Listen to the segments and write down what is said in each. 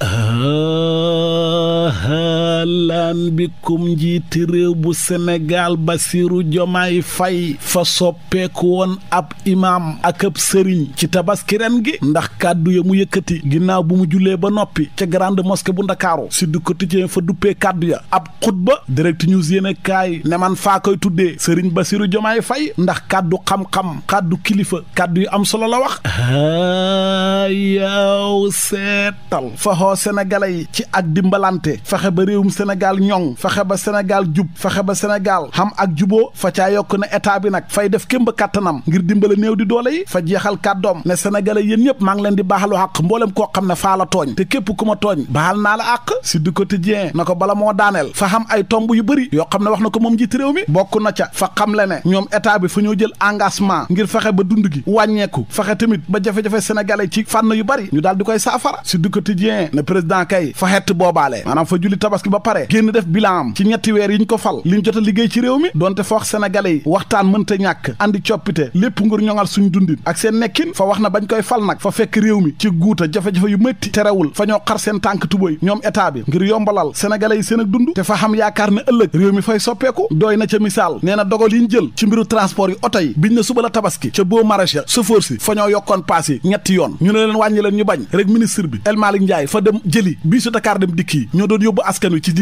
ah waxtaan bi kum njiiti réew bu Sénégal Basiru Jomaay Fay fa soppeeku woon ab imaam ak ab sëriñ ci tabaski ren gi ndax kàddu ya mu yëkkati ginnaaw bu mu jullee ba noppi ca grande mosquée bu Ndakaaru Sud Quotidien fa duppee kàddu ya ab xutba Direct News yéene kaay ne faa koy tuddee sëriñ Basiru Jomaay Fay ndax kàddu xam-xam kàddu kilifa kàddu yu am solo la wax yow seetal faxoo sénégalais yi ci ak dimbalante fexe ba réewum Sénégal ñoŋ fexe ba Sénégal jub fexe ba Sénégal xam ak juboo fa ca yokk ne état bi nag fay def kémb kàttanam ngir dimbale néew di doole yi fa jeexal kàddoom ne sénégalais yéen ñëpp maa ngi leen di baaxalu àq mboolem koo xam ne faa la tooñ te képp ku ma tooñ baal naa la àq si du quotidien na ko bala moo daaneel fa xam ay tomb yu bëri yoo xam ne wax na ko moom njiit réew mi bokk na ca fa xam le ne ñoom état bi fa ñoo jël engagement ngir fexe ba dund gi wàññeeku fexe tamit ba jafe-jafe ci fànn yu bëri ñu daal di koy saafara si du quotidien ne président kay fa xett boobaale maanaam fa julli tabaski ba pare génn def bilan am ci ñetti weer yi ñu ko fal liñ jot a liggéey ci réew mi donte fa wax sénégalais yi waxtaan mënta ñàkk andi coppite lépp ngur ñoŋal suñ dundin ak seen nekkin fa wax na bañ koy fal nag fa fekk réew mi ci guuta jafe-jafe yu métti terewul fa ñoo xar seen tànk tubéy ñoom état bi ngir yombalal sénégalais yi seen ak te fa xam yaakaar ne ëllëg réew mi fay soppeeku doy na ca misaal nee na dogal yi ñu jël ci mbiru transport yi oto yi biñ ñu ne leen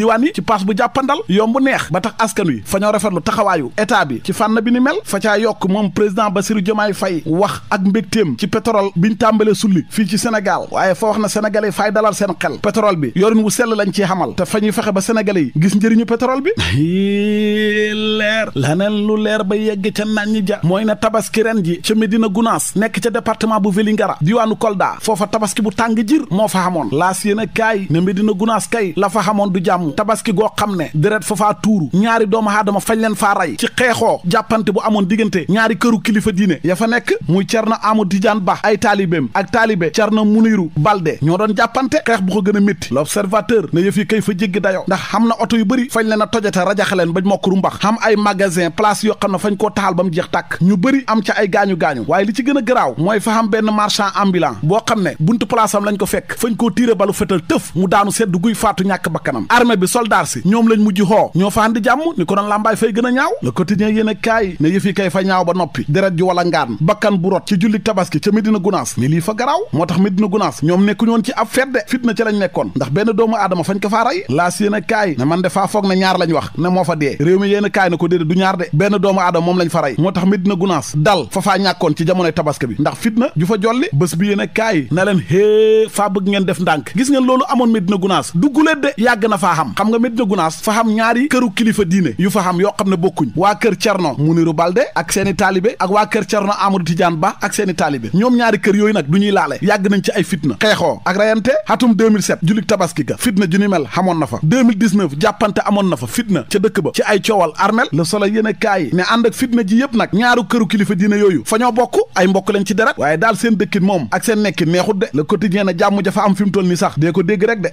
wàññi ci paas bu jàppandal yomb neex ba tax askan wi fa ñoo rafetlu taxawaayu état bi ci fànn bi ni mel fa caa yokk moom président Bassirou Diomaye Faye wax ak mbégteem ci bi biñ tàmbalee sulli fii ci Sénégal waaye fa wax na sénégalais fay dalal seen xel pétrole bi yorin wu sell lañ ciy xamal te fa ñuy fexe ba sénégalais yi gis njëriñu pétrole bi leer la laneen lu leer ba yegg ca naan ja mooy na tabaski ren ji ca Médina Gounass nekk ca département bu Vélingara diwaanu Kolda foofa tabaski bu tàng jir moo fa xamoon laas yéen a kaay ne Médina Gounass la fa xamoon du jàmm tabaski goo xam ne deret fa faa tuuru ñaari doomu aadama fañ leen faa rey ci xeexoo jàppante bu amoon diggante ñaari këru kilifa diine ya fa nekk muy Cerno Amadou Tidiane Ba ay taalibeem ak taalibe Cerno Muniru Balde ñoo doon jàppante xeex bu ko gën a métti l'observateur ne yëf yi kay fa jéggi dayo ndax xam na oto yu bëri fañ leen a tojate rajaxaleen bañ mokkuru mbax xam ay magasin place yoo xam ne fañ koo taxal ba mu jeex tàkk ñu bëri am ca ay gaañu-gaañu waaye li ci gën a garaaw mooy fa xam benn marchand ambulant boo xam ne buntu place ko fekk fañ koo tiire balu fetal tëf mu daanu sedd guy faatu ñàkk bakkanam armée bi sol Fall Darsi ñoom lañ mujj xoo ñoo fa andi jàmm ni ko doon làmbaay fay gën a ñaaw le quotidien yéen a kaay ne yëf yi kay fa ñaaw ba noppi deret ju wala ngaan bakkan bu ci julli tabaski ca Medina Gunaas ni lii fa garaaw moo tax Medina Gunaas ñoom nekkuñu ci ab fedde fitna ci lañ nekkoon ndax benn doomu aadama fañ ko faa rey laas yéen a kaay man de faa foog ne ñaar lañ wax ne moo fa dee réew mi yéen a kaay ko déedéet du ñaar de benn doomu aadama nga Medina Gunaas fa xam ñaari këru kilifa diine yu fa xam yoo xam ne bokkuñ waa kër Cerno Muniru Balde ak seeni taalibe ak waa kër Cerno Amadou Tidiane Ba ak seeni taalibe ñoom ñaari kër yooyu nag du ñuy laale yàgg nañ ci ay fitna xeexoo ak rayante atum 2007 julik tabaski ga fitna ju ni mel xamoon na fa 2019 jàppante amoon na fa fitna ca dëkk ba ci ay coowal armel Le Soleil yéen a kaay ne ànd ak fitna ji yëpp nag ñaaru këru kilifa diine yooyu fa ñoo bokk ay mbokk lañ ci deret waaye daal seen dëkkin moom ak seen nekkin neexut jàmm jafa am fi mu toll ni sax dee ko dégg rek de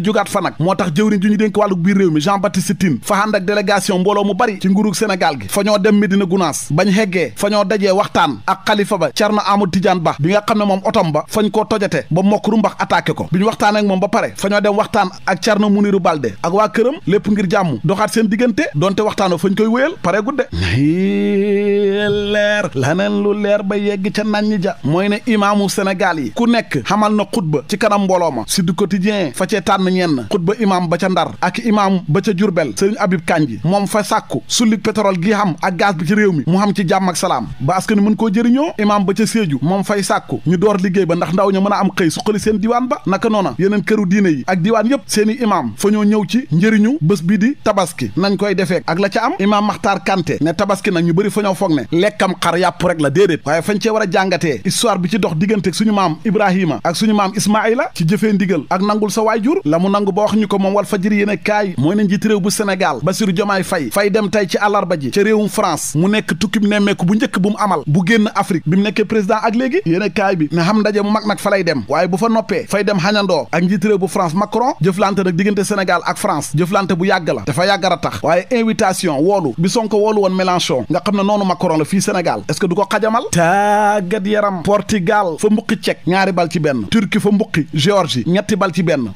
na jugaat fa nag moo tax jëwriñ ju ñu dénk wàllu biir réew mi Jean Baptiste Tine fa ànd ak délégation mbooloo mu bari ci nguurug Sénégal gi fañoo ñoo dem Medina Gunaas bañ xeggee fañoo dajee waxtaan ak xalifa ba car Cerno Amadou Tidiane Ba bi nga xam ne moom otoom ba fañ koo tojate ba mokk rumbax attaqué ko bi ñu waxtaan moom ba pare fa ñoo dem waxtaan ak Cerno Muniru Balde ak waa këram lépp ngir jàmm doxaat seen diggante donte waxtaan fañ koy wéyal pare gudde leer laneen lu leer ba yegg ca nañ ja mooy ne imaamu Sénégal yi ku nekk xamal na xutba ci kanam mbooloo ma Sud Quotidien fa cee tànn ñenn xutba imaam ba ca ndar ak imaam ba ca jurbel sëriñ abib kanji moom fa sàkku sullik pétrole gi xam ak gaz bi ci réew mi mu xam ci jàmm ak salaam ba askan wi mën koo jëriñoo imaam ba ca séeju moom fay sàkku ñu door liggéey ba ndax ndaw ña mën a am xëy suqali seen diwaan ba naka noona yeneen këru diine yi ak diwaan yépp seeni imaam fa ñoo ñëw ci njëriñu bés bi di tabaski nañ koy defee ak la ca am imaam maxtaar kanté ne tabaski nag ñu bëri fa ñoo foog ne lekkam xar yàpp rek la déedéet waaye fañ cee war a jàngatee histoire bi ci dox diggante suñu maam ibrahima ak suñu maam ismaila ci jëfee ndigal ak nangul sa waajur mu nangu ba wax ñu ko moom wal fajiri yéen a kaay mooy ne njiit réew bu Sénégal Bassirou Diomaye Faye fay dem tey ci àllarba ji ca réewum France mu nekk tukkib nemmeeku bu njëkk bu mu amal bu génn Afrique bi mu nekkee président ak léegi yéen kaay bi ne xam ndaje mu mag nag fa dem waaye bu fa noppee fay dem xañandoo ak njiit réew bu France Macron jëflante nag diggante Sénégal ak France jëflante bu yàgg la dafa yàggara tax waaye invitation woolu bi Sonko woolu woon Mélenchon nga xam ne noonu Macron la fii Sénégal est-ce du ko xajamal tàggat yaram Portugal fa mbuqi Tchèque ñaari bal ci benn Turquie fa mbuqi Géorgie ñetti bal ci benn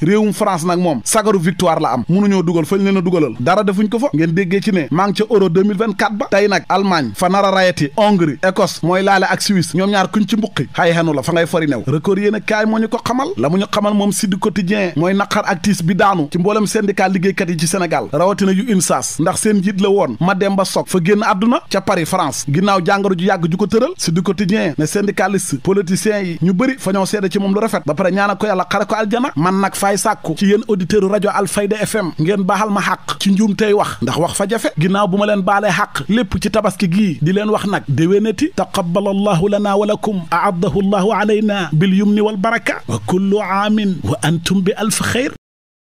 France sagaru victoire la am munuñoo dugal fañ leen a dugalal dara defuñ ko fa ngeen déggee ci ne maa ngi ca euro 2024 ba tey nag Allemagne fa nar a rayati Hongrie Écosse mooy laale ak Suisse ñoom ñaar kuñ ci mbuqi xay xenu la fa ngay fori new record a kaay moo ko xamal la mu ñu xamal moom Sud Quotidien mooy naqar ak tiis bi daanu ci mboolem syndicat liggéeykat yi ci Sénégal rawatina yu UNSAS ndax seen njiit la woon Mademba Sock fa génn àdduna ca Paris France ginnaaw jàngoro ju ko tëral Sud Quotidien ne syndicaliste politiciens moom lu rafet ba ci yéen auditeurs rajo Alfayda FM ngeen baal ma xàq ci njuum tey wax ndax wax fa jafe ginnaaw bu ma leen baalee xàq lépp ci tabaski gii di leen wax nag déwénati taqabbal allahu lana wa lakum aaddahu allahu alayna bil yumni wal baraka wa kullu aamin wa antum bi alf xayr